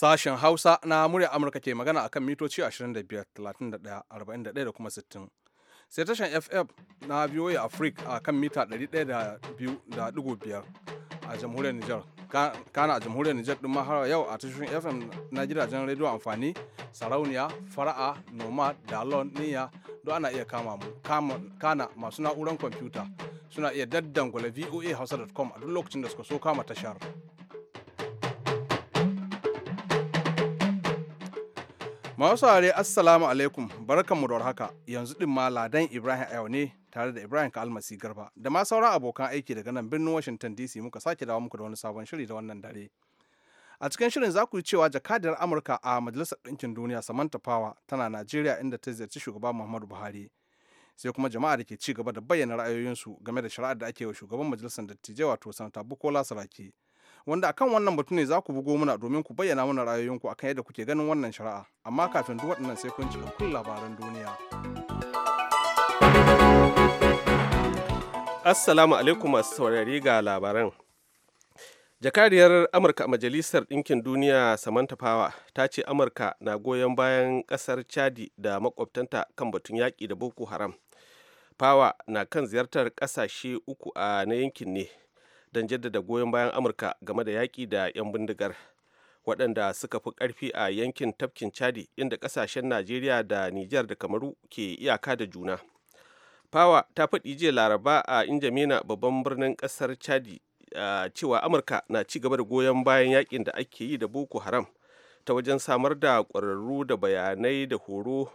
Sashen Hausa na murya Amurka ke magana akan mitoci 25, 31, 41 da kuma 60. Sai tashan FF na VOA Africa a kan mita 102.5 a jamhuriyar Nijar. Kana a jamhuriyar Nijar din ma har yau a tashoshin FM na gidajen rediyo amfani, sarauniya, fara'a, noma, dalon, niya don ana iya kama mu. Kana masu na'uran kwamfuta suna iya daddangula voa hausa.com a duk lokacin da suka so kama tashar. Masu saurare Assalamu alaikum mu da haka yanzu din ma Ladan Ibrahim a ne tare da Ibrahim Kalmasi Garba da ma sauran abokan aiki daga nan birnin Washington DC muka sake dawo muku da wani sabon shiri da wannan dare. A cikin shirin za yi cewa jakadiyar Amurka a Majalisar Ɗinkin Duniya Samantha Power tana Najeriya inda ta ziyarci shugaba Muhammadu Buhari. Sai kuma jama'a da ke ci gaba da bayyana ra'ayoyinsu game da shari'ar da ake wa shugaban Majalisar Dattijai wato Sanata Bukola Saraki. wanda akan wannan batu ne za ku bugo muna domin ku bayyana mana ra'ayoyinku akan yadda kuke ganin wannan shari'a amma kafin duk waɗannan sai kun cikakkun labaran duniya assalamu alaikum masu saurari ga labaran jakadiyar amurka majalisar ɗinkin duniya samantha power ta ce amurka na goyon bayan ƙasar chadi da makwabtanta kan batun yaƙi da boko haram power na kan ziyartar ƙasashe uku a na yankin ne don jaddada goyon bayan amurka game da yaƙi da 'yan bindigar waɗanda suka fi ƙarfi a yankin tafkin chadi inda ƙasashen najeriya da nijar da kamaru ke iyaka da juna fawa ta faɗi jiya laraba a injimina babban birnin ƙasar chadi cewa amurka na ci gaba da goyon bayan yaƙin da ake yi da boko haram ta wajen samar da ƙwararru da bayanai da horo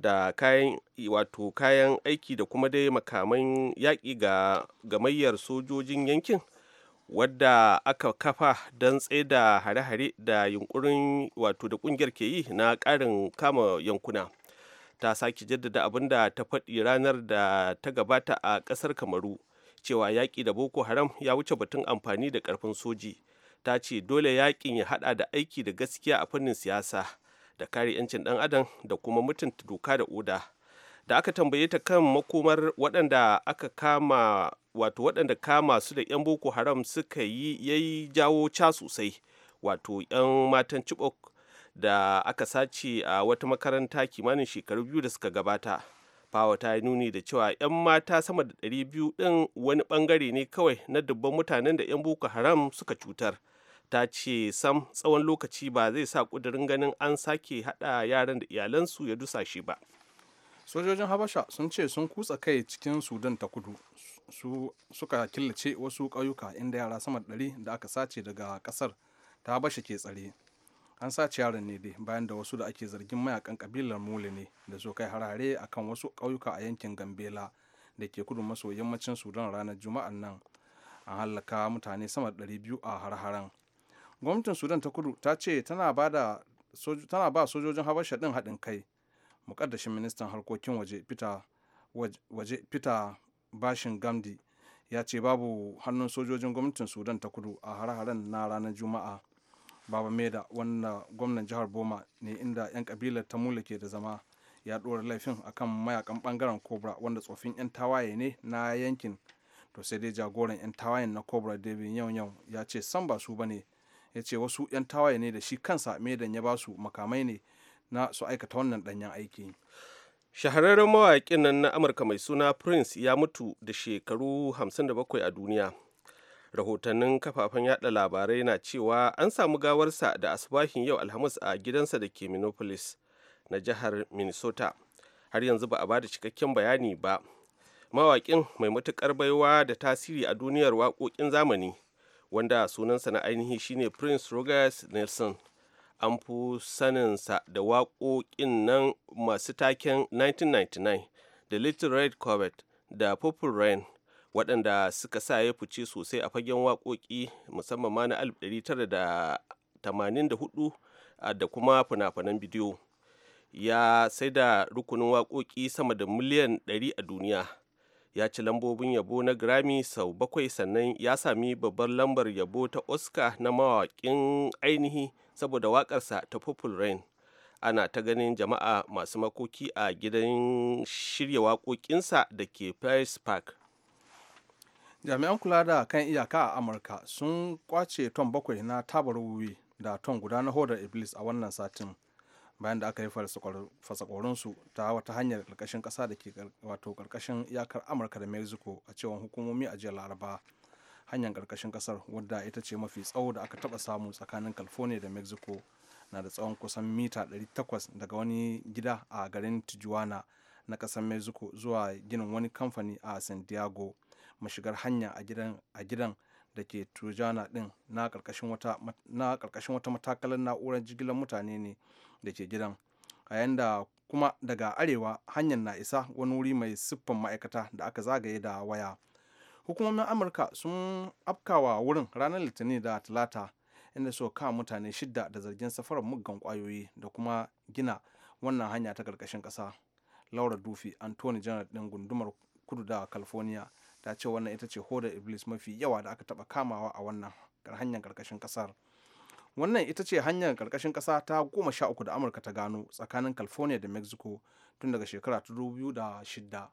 da kayan wato kayan aiki da kuma dai makaman yaƙi ga gamayyar sojojin yankin wadda aka kafa don tsaida hare-hare da yunkurin wato da kungiyar ke yi na karin kama yankuna ta sake jaddada abin da ta faɗi ranar da ta gabata a ƙasar kamaru cewa yaƙi da boko haram ya wuce batun amfani da ƙarfin soji ta ce dole yaƙin ya haɗa da aiki da gaskiya a fannin siyasa da kare 'yancin ɗan adam da kuma mutunta doka da oda da aka tambaye ta kan makomar waɗanda aka kama wato waɗanda kama su da 'yan boko haram suka yi yayi jawo ca sosai wato 'yan matan chibok da aka sace a wata makaranta kimanin shekaru biyu da suka gabata fawa ta yi nuni da cewa 'yan mata sama da ɗari biyu ɗin wani ɓangare ne kawai na dubban mutanen da 'yan boko haram suka cutar ta ce sam tsawon lokaci ba zai sa ƙudurin ganin an sake haɗa yaran da iyalansu ya dusashe ba sojojin habasha sun ce sun kutsa kai cikin sudan ta kudu su suka killace wasu ƙauyuka inda yara sama da ɗari da aka sace daga ƙasar ta bashi ke tsare an sace yaran ne dai bayan da wasu da ake zargin mayakan kabilar mule ne da su kai harare akan wasu ƙauyuka a yankin gambela da ke kudu maso yammacin sudan ranar juma'an nan an hallaka mutane sama da ɗari biyu a har gwamnatin sudan ta kudu ta ce tana ba sojojin habasha din haɗin kai mukaddashin ministan harkokin waje fita. waje fita bashin gamdi ya ce babu hannun sojojin gwamnatin sudan ta kudu a hare-haren na ranar juma'a baba meda wanda gwamnan jihar boma ne inda 'yan kabilar ta mula ke da zama ya ɗora laifin akan mayakan bangaren cobra wanda tsofin 'yan tawaye ne na yankin to sai dai jagoran 'yan tawayen na cobra david yau yau ya ce san ba su bane ya ce wasu 'yan tawaye ne da shi kansa medan ya ba su makamai ne na su aikata wannan danyen aiki shahararren mawaƙin nan na amurka mai suna prince ya mutu da shekaru 57 a duniya rahotannin kafafen yada labarai na cewa an samu gawarsa da asubahin yau alhamis a gidansa da ke minneapolis na jihar minnesota har yanzu ba a bada cikakken bayani ba mawaƙin mai matuƙar baiwa da tasiri a duniyar waƙoƙin zamani wanda sunansa na ainihi shine prince rogers nelson an fi saninsa da waƙoƙin nan masu taken 1999 da little red corvette da purple rain waɗanda suka sa ya fice sosai a fagen waƙoƙi musamman ma na 1984 da kuma fina-finan bidiyo ya sai da rukunin waƙoƙi sama da miliyan 100 a duniya ya ci lambobin yabo na grammy sau bakwai sannan ya sami babbar lambar yabo ta oscar na mawaƙin ainihi saboda wakarsa ta Purple Rain. Ana ta ganin jama'a masu makoki a gidan shirya waƙoƙinsa da ke Paris Park. Jami'an kula da kan iyaka a Amurka sun kwace ton bakwai na tabar wuwi da ton guda na hodar Iblis a wannan satin. bayan da aka yi fasakorinsu ta wata hanyar karkashin kasa da ke wato karkashin iyakar amurka da mexico a cewar hukumomi a jiya laraba hanyar karkashin kasar wadda ita ce mafi tsawo da aka taba samu tsakanin california da mexico na da tsawon kusan mita 800 daga wani gida a garin tijuana na kasar mexico zuwa ginin wani kamfani a san diego mashigar hanya a gidan da ke tujana din na karkashin wata matakalar na'urar jigilar mutane ne da ke gidan a yayin da kuma daga arewa hanyar na isa wani wuri mai siffan ma'aikata da aka zagaye da waya hukumomin amurka sun afkawa wurin ranar litinin da talata inda suka kama mutane shidda da zargin safarar muggan kwayoyi da kuma gina wannan hanya ta karkashin kasa laura dufi antony general din gundumar kudu da california ta ce wannan ita ce hodar iblis mafi yawa da aka taba kamawa a wannan hanyar karkashin kasar wannan ita ce hanyar karkashin kasa ta goma sha uku da amurka ta gano tsakanin california da mexico tun daga shekara ta dubu da shida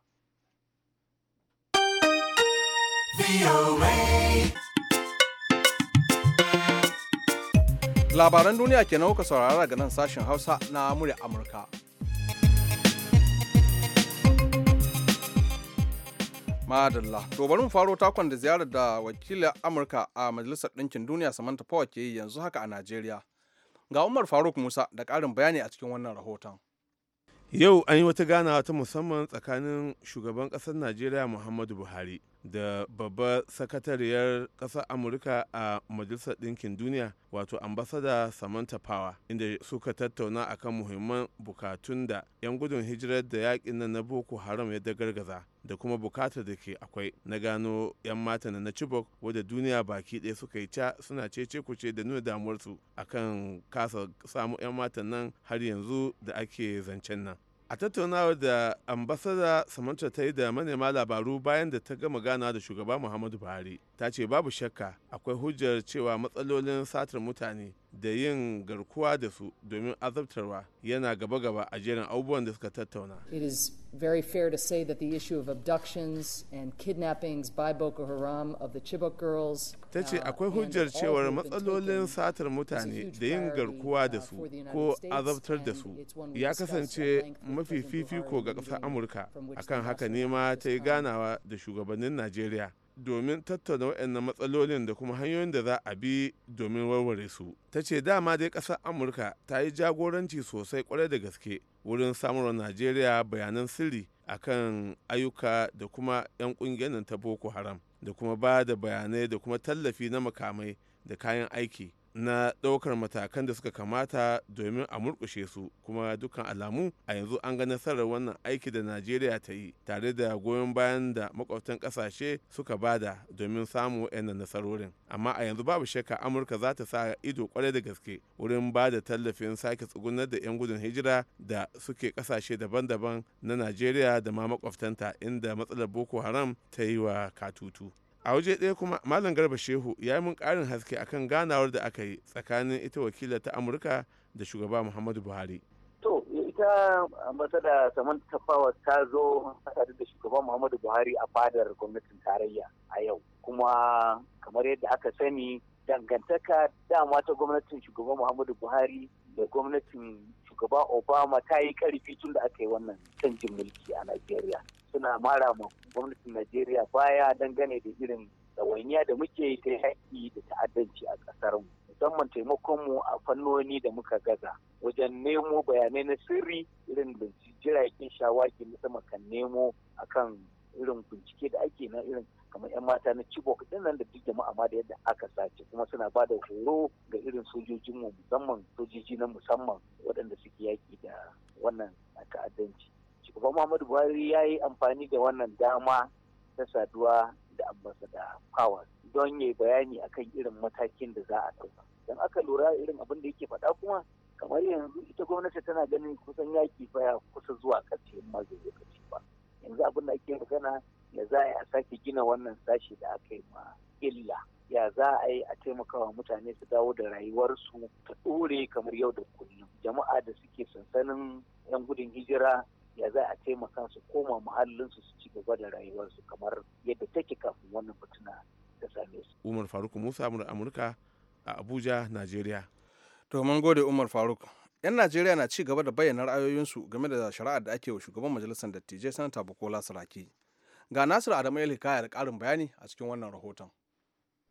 Labaran duniya kenan kuka saurara daga nan sashen Hausa na murya Amurka. Madalla, to bari mu faro takon da ziyarar da wakilin Amurka a Majalisar Ɗinkin Duniya Samantha Power ke yi yanzu haka a Najeriya. Ga Umar Faruk Musa da ƙarin bayani a cikin wannan rahoton. Yau an yi wata ganawa ta musamman tsakanin shugaban ƙasar Najeriya Muhammadu Buhari da babbar sakatariyar ƙasar amurka a majalisar ɗinkin duniya wato ambasada samantha power inda suka tattauna akan muhimman bukatun da 'yan gudun hijirar da yakin nan na boko haram ya dagargaza da kuma bukatar da ke akwai na gano 'yan mata na chibok wadda duniya baki ɗaya suka yi ca suna cece kuce da nuna damuwarsu akan kasa samu 'yan matan nan har yanzu da ake zancen nan a tattaunawar da ambasada samanta ta yi da manema labaru bayan da ta gama gana da shugaba muhammadu buhari ta ce babu shakka akwai hujjar cewa matsalolin satar mutane da yin garkuwa da su domin azabtarwa yana gaba-gaba a jerin abubuwan da suka tattauna. It is very fair to say that the issue of abductions and kidnappings by Boko Haram of the Chibok girls. Ta ce uh, akwai hujjar cewa matsalolin satar mutane da yin garkuwa da uh, su ko azabtar da su ya kasance mafi fifiko ga ƙasar Amurka akan haka nema ta yi ganawa da shugabannin Najeriya. domin tattauna waɗannan matsalolin da kuma hanyoyin da za a bi domin warware su ta ce dama dai ƙasar amurka ta yi jagoranci sosai kwarai da gaske wurin samarwa najeriya bayanan sirri akan ayyuka da kuma 'yan ƙungiyar ta boko haram da kuma ba da bayanai da kuma tallafi na makamai da kayan aiki na ɗaukar matakan da suka kamata domin a murƙushe su kuma dukkan alamu a yanzu an ga nasarar wannan aiki da najeriya ta yi tare da goyon bayan da makwabtan ƙasashe suka bada domin samu waɗannan nasarorin amma a yanzu babu shakka amurka za ta sa ido kwarai da gaske wurin ba da tallafin sake tsugunar da 'yan gudun hijira da suke ƙasashe daban-daban na najeriya da ma makwabtanta inda matsalar boko haram ta yi wa katutu a waje ɗaya kuma malam garba shehu ya yi mun ƙarin haske akan ganawar da aka yi tsakanin ita wakila ta amurka da shugaba muhammadu buhari to ita ambasada saman tafawa ta zo tare da shugaba muhammadu buhari a fadar gwamnatin tarayya a yau kuma kamar yadda aka sani dangantaka dama ta gwamnatin shugaba muhammadu buhari da gwamnatin shugaba obama ta yi karfi tun da aka yi wannan canjin mulki a najeriya suna mara ma gwamnatin Najeriya baya dangane da irin ɗawainiya da muke yi ta haƙƙi da ta'addanci a ƙasar mu musamman taimakon mu a fannoni da muka gaza wajen nemo bayanai na sirri irin da jiragen shawaki na sama kan nemo akan irin bincike da ake na irin kamar 'yan mata na Chibok nan da duk jama'a ma da yadda aka sace kuma suna ba da horo ga irin sojojinmu musamman sojoji na musamman waɗanda suke yaƙi da wannan ta'addanci. shugaban muhammadu buhari ya yi amfani da wannan dama ta saduwa da ambasa da powers don ya yi bayani akan irin matakin da za a ɗauka don aka lura irin abin da yake faɗa kuma kamar yanzu ita gwamnati tana ganin kusan yaki fa ya kusa zuwa ƙarshe ma zai ba yanzu abin da ake magana ya za a sake gina wannan sashi da aka yi ma illa ya za a yi a taimakawa mutane su dawo da rayuwarsu ta ɗore kamar yau da kullum jama'a da suke sansanin 'yan gudun hijira ya za a taimaka su koma muhallin su su ci gaba da rayuwarsu kamar yadda take kafin wannan fitina ta same su. Umar Faruk Musa Amurka a Abuja, Najeriya. To mun gode Umar Faruk. 'Yan Najeriya na ci gaba da bayyana ra'ayoyinsu game da shari'ar da ake wa shugaban majalisar dattijai Sanata Bukola Saraki. Ga Nasiru Adamu Elhikaya da ƙarin bayani a cikin wannan rahoton.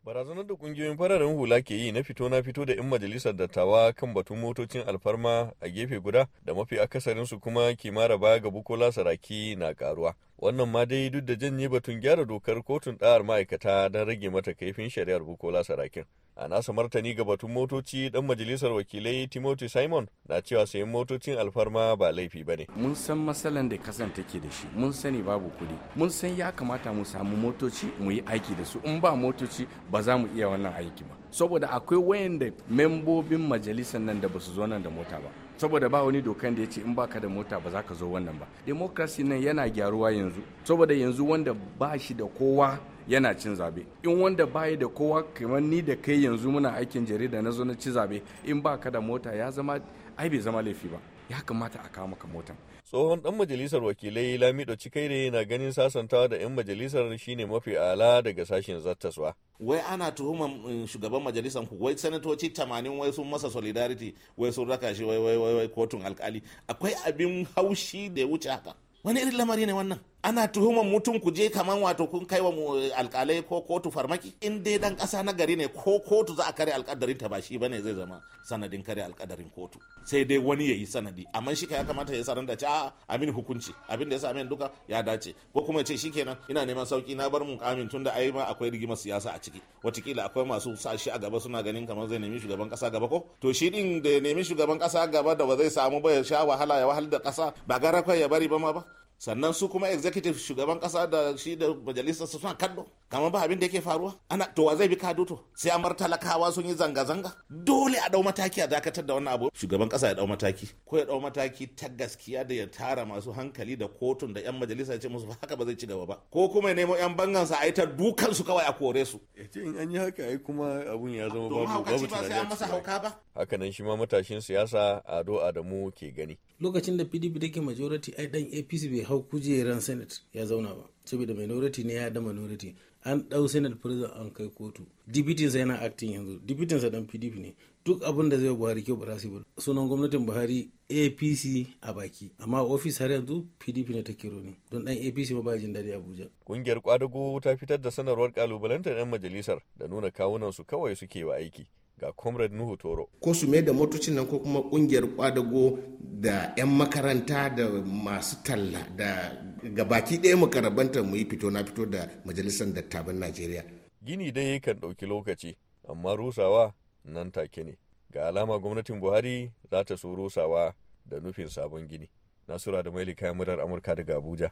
Barazanar da kungiyoyin fararen hula ke yi na fito na fito da 'yan majalisar dattawa kan batun motocin alfarma a gefe guda da mafi akasarinsu kuma kimara baya ga Bukola Saraki na karuwa. Wannan ma dai duk da janye batun gyara dokar kotun ɗa'ar ma'aikata don rage mata kaifin shari'ar Bukola Sarakin. A nasa martani ga batun motoci dan majalisar wakilai Timothy Simon na cewa sayan motocin alfarma ba laifi ba ne. Mun san matsalan da kasan take da shi, mun sani babu kuɗi, mun san ya kamata mu samu motoci mu yi aiki da su, in ba motoci ba za mu iya wannan aiki ba. Saboda akwai wayanda membobin majalisar nan da ba su zo nan da mota ba. saboda ba wani dokan da ya ce in baka da mota ba za ka zo wannan ba democracy nan yana gyaruwa yanzu saboda yanzu wanda ba shi da kowa yana cin zabe in wanda bayi da kowa kamar ni da kai yanzu muna aikin jarida na zo na ci zabe in baka da mota ya zama ai bai zama laifi ba ya kamata a kawo maka motan tsohon dan majalisar wakilai lamido cikaire na ganin sasantawa da 'yan majalisar shine mafi ala daga sashen zartaswa. wai ana tuhumar mm, shugaban majalisar ku wai sanatoci 80 wai sun masa solidarity wai sun raka shi wai wai wai kotun alkali akwai abin haushi da ya wuce haka wani irin lamari ne wannan ana tuhumar mutum ku je kaman wato kun kai wa alkalai ko kotu farmaki in dai dan kasa na gari ne ko kotu za a kare alkadarin ta ba shi bane zai zama sanadin kare alkadarin kotu sai dai wani yayi sanadi amma shi ka ya kamata ya sanar da ci a amin hukunci abin da ya sami duka ya dace ko kuma ya ce shikenan ina neman sauki na bar kamin tunda ai ma akwai rigimar siyasa a ciki watakila akwai masu sa shi a gaba suna ganin kamar zai nemi shugaban kasa gaba ko to shi din da ya nemi shugaban kasa gaba da ba zai samu ba ya sha wahala ya wahal da kasa ba gara ya bari ba ma ba sannan su kuma executive shugaban kasa da shi da majalisar su suna kallo kamar ba abin da yake faruwa ana to wa zai bi kaduto sai amar talakawa sun yi zanga-zanga dole a dau mataki a dakatar da wannan abu shugaban kasa ya dau mataki ko ya dau mataki ta gaskiya da ya tara masu hankali da kotun da yan majalisa ce musu haka ba zai ci gaba ba ko kuma ya nemo yan bangan sa a yi ta dukan su kawai a kore su ya ce an yi haka ai kuma abun ya zama babu babu a masa ba haka nan shi ma matashin siyasa Ado Adamu ke gani lokacin da PDP take majority ai dan APC bai hau kujeran senate ya zauna ba saboda minority ne ya da minority an dau senate prison an kai kotu dibitinsa yana acting yanzu dibitin sa dan pdp ne duk abin da zai buhari kyau ba za su sunan gwamnatin buhari apc a baki amma ofis har yanzu pdp ne ta kiro don dan apc ma ba jin daɗi abuja kungiyar kwadago ta fitar da sanarwar kalubalantar 'yan majalisar da nuna kawunan su kawai suke wa aiki ga comrade nuhu toro ko su mai da motocin nan ko kuma kungiyar kwadago da 'yan makaranta da masu talla da gabaki ɗaya makarabanta mu yi fito na fito da majalisar dattaban najeriya gini dai yakan ɗauki lokaci amma rusawa nan take ne ga alama gwamnatin buhari za ta so rusawa da nufin sabon gini nasura da maili kayan murar amurka daga abuja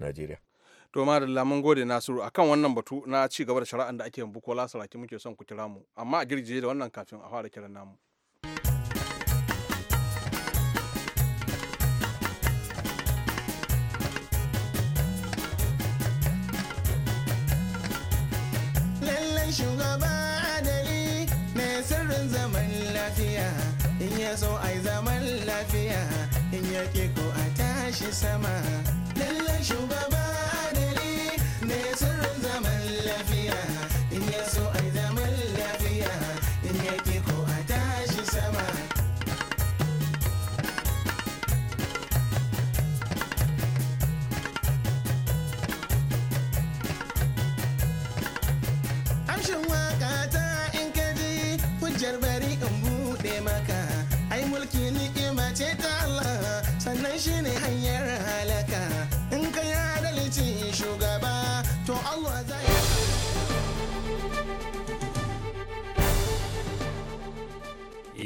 najeriya to ma da lamun gode nasiru akan wannan batu na ci gaba da shari'an da ake bukola saraki muke son ku kira mu amma a girgije da wannan kafin a fara kiran namu lallai shugaba adali mai sirrin zaman lafiya in ya so ai zaman lafiya in ya ke ko a tashi sama lallai shugaba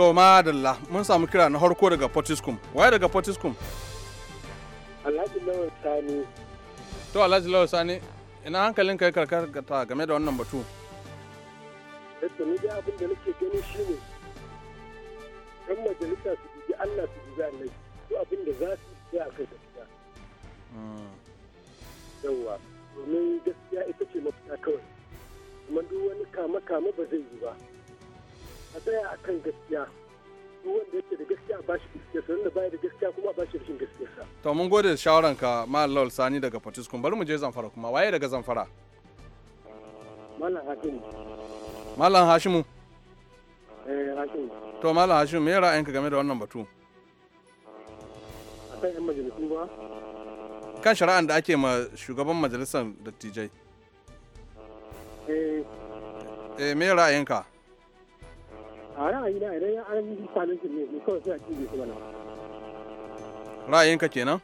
to madalla mun samu kira na harko daga potiskum waye daga potiskum alhaji lawal sani to alhaji lawal sani ina hankalin kai karkata game da wannan batu yadda ni da abin da nake gani shine kan majalisa su ji Allah su ji Allah su abin da za su yi a kai gaskiya hmm. yawa domin gaskiya ita ce mafita kawai kuma duk wani kama-kama ba zai yi ba a tsaya a kan gaskiya duk wanda yake da gaskiya ba shi gaskiya sa wanda baya da gaskiya kuma ba shi rashin gaskiya to mun gode shawaran ka malam lawal sani daga patiskun bari mu je Zamfara kuma waye daga Zamfara malam Hashimu Mallam Hashimu eh Hashimu to malam Hashimu me ra'ayin ka game da wannan batu a kan majalisun ba kan shari'an da ake ma shugaban majalisar dattijai eh Eh, me ra'ayin ka. ra'ayi idan ya an ne ne kawai sai a cije su bana ra'ayinka kenan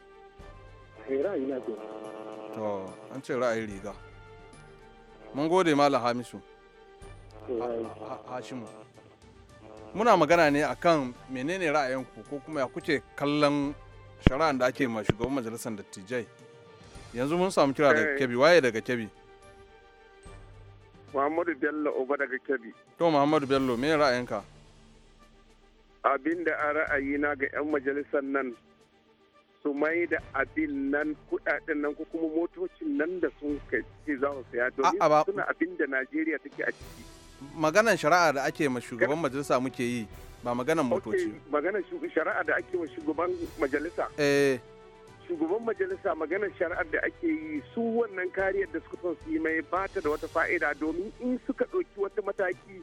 eh ra'ayi na to an ce ra'ayin riga mun gode malam hamisu eh, hashimu muna magana ne akan menene ra'ayinku ko kuma ya kuce kallon shari'an da ake ma shugaban majalisar dattijai yanzu mun samu kira daga eh. kebi waye daga kebi muhammadu bello oba daga kebi to muhammadu bello me ra'ayinka abin da a ra'ayina ga 'yan majalisar nan su mai da abin nan kudaden nan ko kuma motocin nan da sun kai za su saya domin suna abin da najeriya take a ciki maganan shari'a da ake ma shugaban majalisa muke yi ba maganan motoci maganan shari'a da ake ma shugaban majalisa eh shugaban majalisa maganar shari'ar da ake yi su wannan kariyar da suka son su yi mai bata da wata fa'ida domin in suka ɗauki wata mataki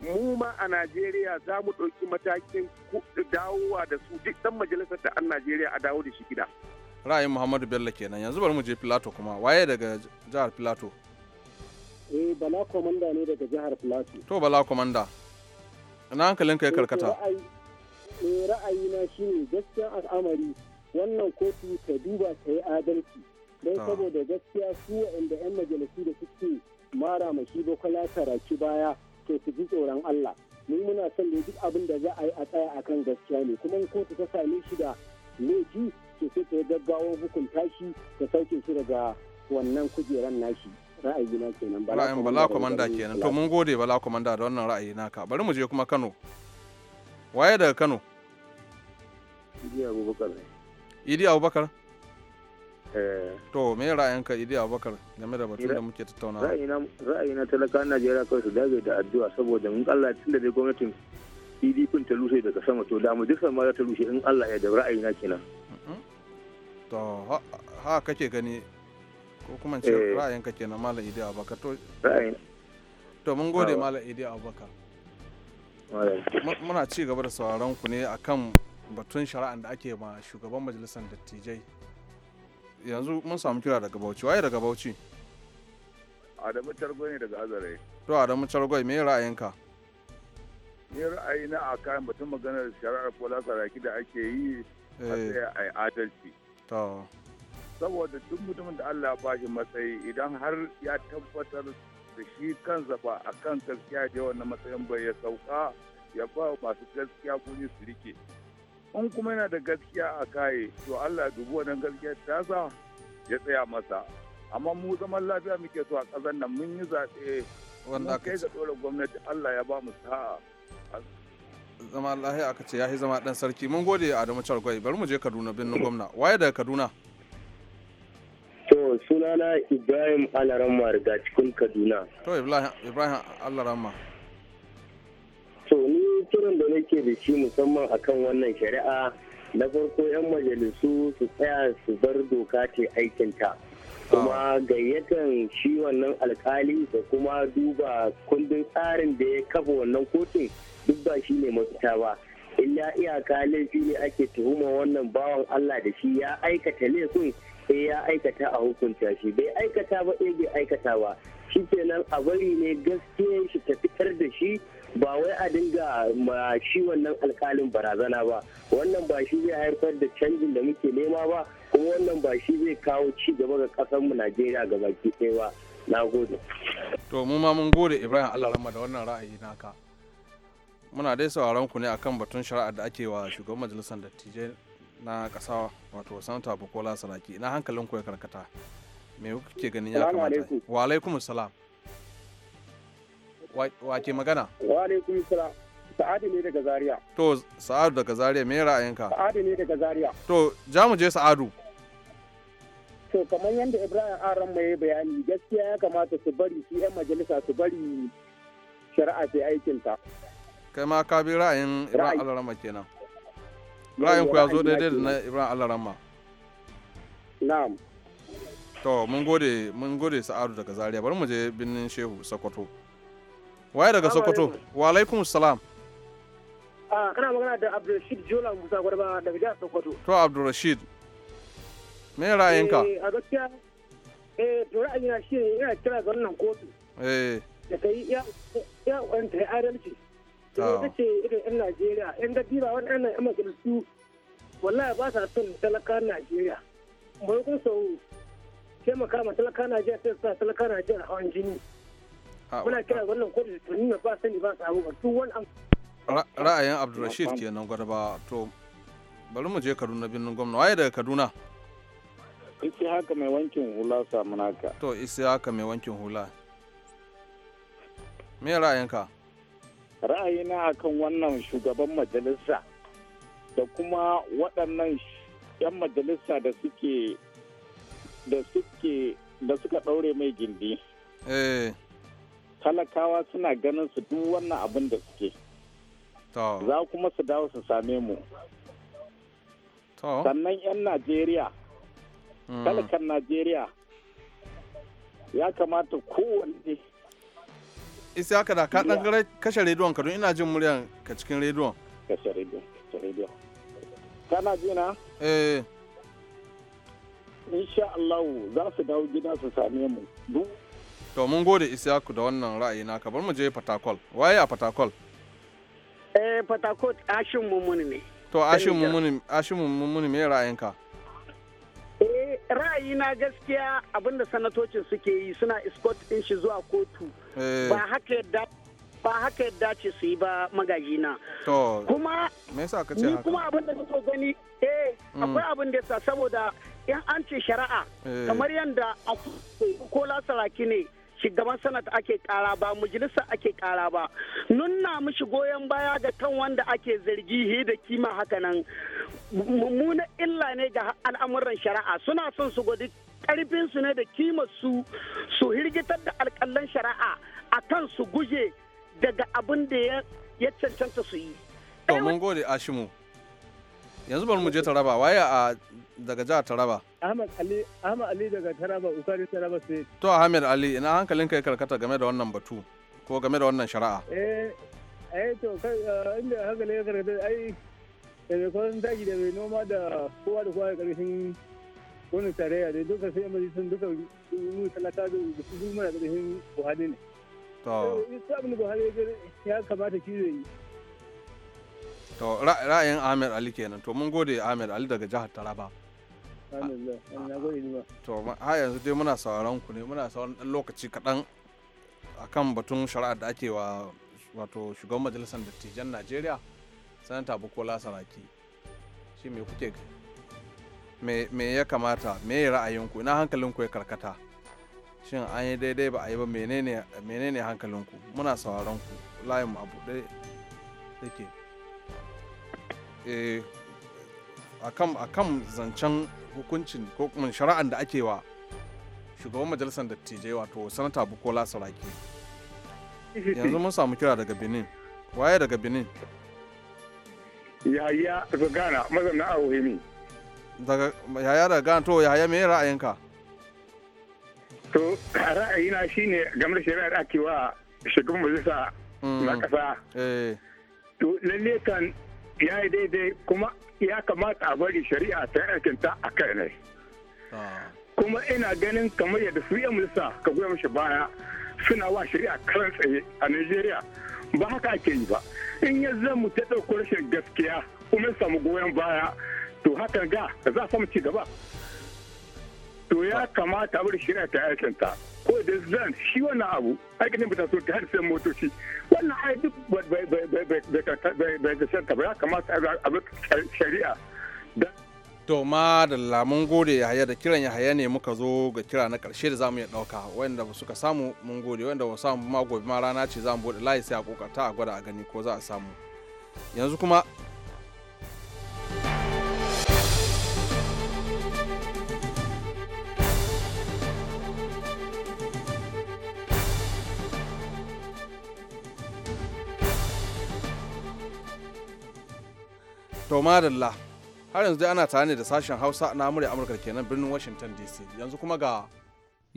mu ma a Najeriya za mu ɗauki matakin dawowa da su duk ɗan majalisar da an Najeriya a dawo da shi gida. Ra'ayin Muhammadu Bello kenan yanzu bari mu je Filato kuma waye daga jihar Filato? Eh Bala Komanda ne daga jihar Filato. To Bala Komanda. Ina hankalinka ya karkata. Eh, ra'ayi eh, na shine gaskiya al'amari wannan kotu ta duba ta yi adalci don saboda gaskiya su inda 'yan majalisu da suke mara mashi bakwala taraki baya to su ji tsoron Allah mu muna son da duk abin da za a yi a tsaya akan gaskiya ne kuma in kotu ta same shi da laifi to sai ta gaggawa hukunta shi ta sauke shi daga wannan kujeran nashi ra'ayi na kenan bala bala komanda kenan to mun gode bala komanda da wannan ra'ayi naka bari mu je kuma Kano waye daga Kano Jiya Abubakar ne idi abubakar eh. to me ra'ayinka idi abubakar game da batun da muke tattauna ra'ayi na talaka najeriya kawai su dage da addu'a saboda mun allah tun da dai gwamnatin pdp ta rushe daga sama to damu duka ma za ta rushe in allah ya da ra'ayi na kenan mm-hmm. to ha kake gani ko kuma ce eh. ra'ayinka kenan malam idi abubakar to to mun gode malam idi abubakar muna ci gaba da sauraron ku ne akan batun shari'an da ake ma shugaban majalisar dattijai yanzu mun samu kira daga bauchi waye daga bauchi adamu targo ne daga azare to adamu targo me ra'ayinka ni ra'ayi na a kan batun maganar shari'ar kola saraki da ake yi a eh. a adalci to saboda duk mutumin da Allah ba shi matsayi idan har ya tabbatar da shi kansa ba a kan gaskiya da wannan matsayin bai ya sauka ya ba masu gaskiya kuni su rike in kuma yana da gaskiya a kaye to Allah dubu wannan gaskiya ta sa ya tsaya masa amma mu zaman lafiya muke so a ƙasar nan mun yi zaɓe wanda kai ga dole gwamnati Allah ya ba mu sa'a zama lahiya aka ce yahi zama dan sarki mun gode Adamu Chargwai bari mu je Kaduna binnu gwamna waye daga Kaduna to sunana Ibrahim Alaramma daga cikin Kaduna to Ibrahim Ibrahim Alaramma to ni kiran da nake da shi musamman akan wannan shari'a na farko 'yan majalisu su tsaya su bar doka ce aikinta kuma gayyatan shi wannan alkali da kuma duba kundin tsarin da ya kafa wannan kotun duk ba shi ne mafita ba illa iyaka laifi ne ake tuhuma wannan bawan allah da shi ya aikata laifin sai ya aikata a hukunta shi bai aikata ba eh bai aikata ba shi kenan a bari ne gaskiya shi ta fitar da shi ba wai a dinga ma shi wannan alkalin barazana ba wannan ba shi zai haifar da canjin da muke nema ba kuma wannan ba shi zai kawo ci gaba ga kasar mu Najeriya ga baki ɗaya ba na gode to mu ma mun gode Ibrahim Allah rahma da wannan ra'ayi naka muna dai sauraron ku ne akan batun shari'a da ake wa shugaban majalisar dattijai na kasa wato Sanata Bukola Saraki ina hankalin ku ya karkata me kuke ganin ya kamata wa alaikumus salam wace magana wa alaikum sa'adu ne daga zaria to sa'adu daga zaria me ra'ayinka sa'adu ne daga zaria to ja mu je sa'adu to kamar yadda ibrahim Aram mai bayani gaskiya ya kamata su bari su yan majalisa su bari shari'a ta aikinta kai ma ka bi ra'ayin ibrahim alarama kenan ra'ayin ku ya zo daidai da na ibrahim alarama na'am to mun gode mun gode sa'adu daga zaria bari mu je birnin shehu sokoto waye daga sokoto wa alaikum salam ah, kana magana da abdulrashid jola musa gwarba daga jihar sokoto to abdulrashid me ra'ayinka eh, a gaskiya eh to ra'ayina shi ne ina kira ga wannan kotu eh da ta yi ya wanta ya adalci to ta ce irin yan najeriya yan gadiba waɗannan yan majalisu wallahi ba sa son talaka najeriya bai kun sau taimaka ma talaka najeriya sai sa talaka najeriya hawan jini muna kira wannan kotu ta ba sani ba wani ra'ayin abdulrashid kenan gwarba to bari mu je kaduna birnin gwamna waye daga kaduna isi haka mai wankin hula samunaka to isi haka mai wankin hula me ra'ayinka ra'ayina akan wannan shugaban majalisa da kuma waɗannan 'yan majalisa da suke da suke da suka ɗaure mai gindi eh talakawa suna ganin su duk wannan abin da suke za kuma su dawo su same mu sannan 'yan najeriya mm. talakan najeriya ya kamata kowanne isi haka da ka gare kashe rediyon ka don ina jin muryan ka cikin rediyon kashe rediyon kashe rediyon kana jina? na eh insha Allah za su dawo gida su same mu duk to mun gode isiyaku da wannan ra'ayi naka bar mu je fatakol waye a fatakol eh fatakol ashin mummuni ne to ashin mummuni ashin mummuni me ra'ayinka eh ra'ayina gaskiya abinda sanatocin suke yi suna escort din shi zuwa kotu eh. ba haka yadda ba haka yadda ce su yi ba magaji na. to kuma me yasa ka ce haka kuma abinda nake gani eh mm. akwai abin da yasa saboda in an ce shari'a eh. kamar yadda a ko lasaraki ne shugaban sanata ake kara ba majalisa ake kara ba nuna mishi goyon baya ga kan wanda ake zargi he da kima haka nan mummuna illa ne ga al'amuran shari'a suna son su gwadi karfin su ne da kima su su hirgitar da alƙallan shari'a a kan su guje daga abin da ya cancanta su yi to mun gode ashimu yanzu bari mu je taraba waye a daga jihar taraba Ahmad Ali daga Taraba Ukari Taraba State. To Ali ina hankalin kai karkata game da wannan batu ko game da wannan shari'a? Eh eh to kai eh, inda hankalin ya karkata ai da mai kwan taki da mai noma da kowa da kowa da karshen wani tarayya da duka sai mai sun duka mu talaka da su sun da karshen Buhari ne. To. Eh, Isa abin Buhari ya kamata da yi. To ra'ayin Ahmed Ali kenan to mun gode Ahmed Ali daga jihar Taraba. Ah, to ha yanzu dai muna sauraron ku ne muna sauraron dan lokaci kaɗan akan batun shari'a da ake wa wato shugaban majalisar dattijan najeriya sanata bukola saraki shi me kuke me ya kamata me ra'ayinku ina hankalinku ya karkata shin an yi daidai ba a yi ba menene hankalinku muna sauraron ku layin abu ɗaya yake eh, a kan zancen hukuncin ko kuma shari'an da ake wa shugaban majalisar dattijai wato sanata bukola saraki yanzu mun samu kira daga benin waye daga benin yaya daga ghana mazana a ne daga yaya daga ghana to yaya me ra'ayinka to ra'ayina shine game da shari'ar ake wa shugaban majalisa na kasa mm. eh. to lalle kan ya yi daidai kuma ya kamata a bari shari'a ta yakinta a kai ne ah. kuma ina ganin kamar yadda su yi mulsa ka goya mashi baya suna wa shari'a kan tsaye a najeriya ba haka ake yi ba in ya mu ta ɗauko rashin gaskiya kuma samu goyon baya to haka ga za samu ci gaba to ya kamata a shirya ta ta ko da zan shi wannan abu aikin ba ta so ta harshen motoci wannan ai duk bai da ba ya kamata a bi shari'a to ma da lamun gode yahaya da kiran yahaya ne muka zo ga kira na karshe da zamu ya dauka wanda ba suka samu mun gode wanda ba samu ma gobe ma rana ce zamu bude layi sai a kokarta a gwada a gani ko za a samu yanzu kuma to madalla har yanzu dai ana tare ne da sashen hausa na murya amurka kenan birnin washington dc yanzu kuma ga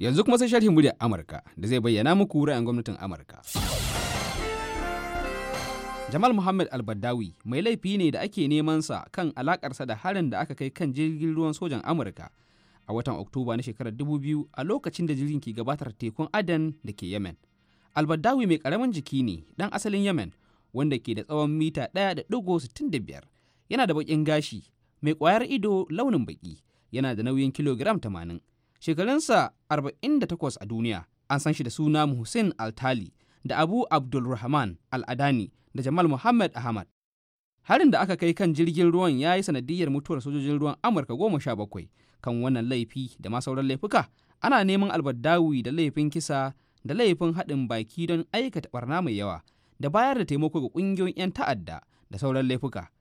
yanzu kuma sai sharhin murya amurka da zai bayyana muku ra'ayin gwamnatin amurka jamal muhammad albadawi mai laifi ne da ake neman sa kan alakarsa da harin da aka kai kan jirgin ruwan sojan amurka a watan oktoba na shekarar 2000 a lokacin da jirgin ke gabatar tekun adan da ke yemen albadawi mai karamin jiki ne dan asalin yemen wanda ke da tsawon mita 1.65 yana da baƙin gashi mai ƙwayar ido launin baki yana da nauyin kilogiram tamanin shekarunsa arba'in da 48 a duniya an san shi da suna Hussein Altali da Abu Abdulrahman al'adani da Jamal Muhammad Ahmad. Harin da aka kai kan jirgin ruwan ya yi sanadiyar mutuwar sojojin ruwan Amurka goma sha bakwai kan wannan laifi da ma sauran laifuka ana neman albadawi da laifin kisa da laifin haɗin baki don aikata barna mai yawa da bayar da taimako ga ƙungiyoyin 'yan ta'adda da sauran laifuka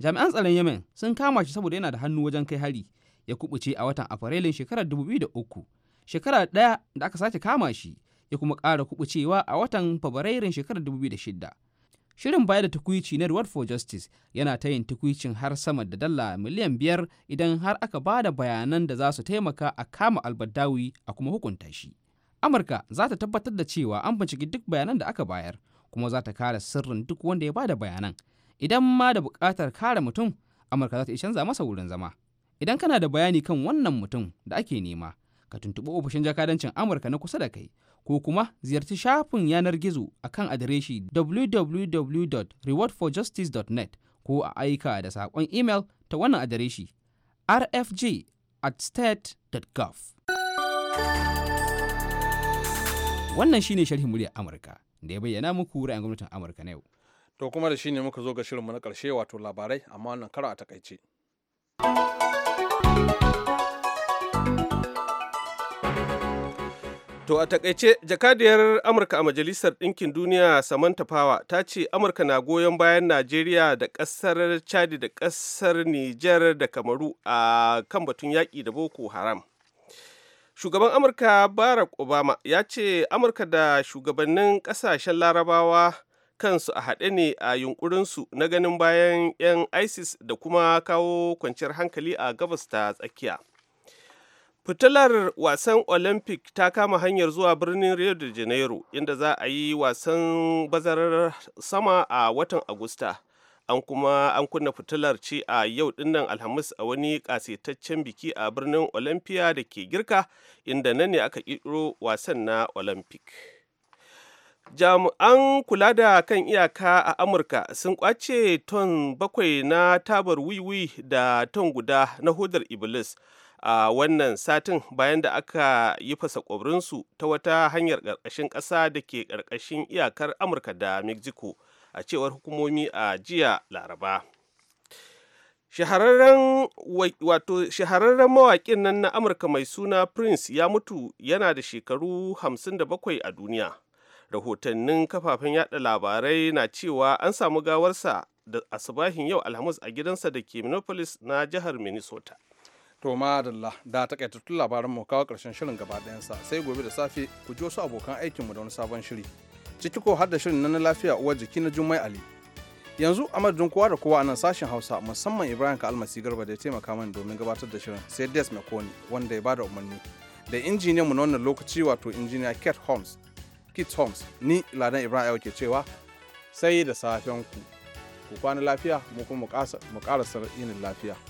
jami'an tsaron yemen sun kama shi saboda yana da hannu wajen kai hari ya kubuce a watan afrilun shekarar 2003 shekara ɗaya da aka sake kama shi ya kuma ƙara kubucewa a watan fabrairun shekarar 2006 shirin bayar da tukuici na reward for justice yana ta yin tukuicin har sama da dala miliyan biyar idan har aka ba da bayanan da za su taimaka a kama albadawi a kuma hukunta shi amurka za ta tabbatar da cewa an binciki duk bayanan da aka bayar kuma za ta kare sirrin duk wanda ya ba da bayanan idan ma da buƙatar kare mutum amurka za ta iya canza masa wurin zama idan kana da bayani kan wannan mutum da ake nema ka tuntuɓi ofishin jakadancin amurka na kusa da kai ko kuma ziyarci shafin yanar gizo a kan adireshi www.rewardforjustice.net ko a aika da saƙon imel ta wannan adireshi rfg at state.gov wannan shine sharhin muryar amurka da ya bayyana muku ra'ayin gwamnatin amurka na yau To kuma da shi ne muka zo ga shirinmu na ƙarshe wato labarai amma wannan kara a takaice. To a takaice jakadiyar Amurka a Majalisar Ɗinkin Duniya Samantha Power ta ce Amurka na goyon bayan Najeriya da ƙasar Chad da ƙasar Nijar da Kamaru a kan batun yaƙi da Boko Haram. Shugaban Amurka Barack Obama ya ce Amurka da shugabannin ƙasashen Larabawa kansu a haɗe ne a yunkurinsu na ganin bayan 'yan isis da kuma kawo kwanciyar hankali a gabas ta tsakiya fitilar wasan olympic ta kama hanyar zuwa birnin rio de janeiro inda za a yi wasan bazarar sama a watan agusta an kuma an kunna fitilar ce a yau dinnan alhamis a wani kasetaccen biki a birnin olympia da ke girka inda nan ne aka ƙirƙiro wasan na olympic jami'an kula da kan iyaka a amurka sun kwace ton bakwai na tabar wiwi da ton guda na hudar iblis a wannan satin bayan da aka yi fasa kwabrinsu ta wata hanyar ƙarƙashin ƙasa da ke ƙarƙashin iyakar amurka da mexico a cewar hukumomi a jiya laraba shahararren wato shahararren mawaƙin nan na amurka mai suna prince ya mutu yana da shekaru 57 a duniya rahotannin kafafen yada labarai na cewa an samu gawarsa da asibahin yau alhamis a gidansa da ke minneapolis na jihar minnesota to madalla da takaitattun labaran mu kawo karshen shirin gaba sa sai gobe da safe ku ji wasu abokan mu da wani sabon shiri ciki ko har da shirin na lafiya uwar jiki na jummai ali yanzu a madadin kowa da kowa a nan sashen hausa musamman ibrahim ka almasi garba da ya taimaka mani domin gabatar da shirin sai des mconi wanda ya bada umarni da injiniyan mu na wannan lokaci wato injiniya kate holmes Kit Holmes ni Ladan Ibrahim ke cewa sai da safen ku ku kwana lafiya mu kuma mu ƙarasa yinin lafiya.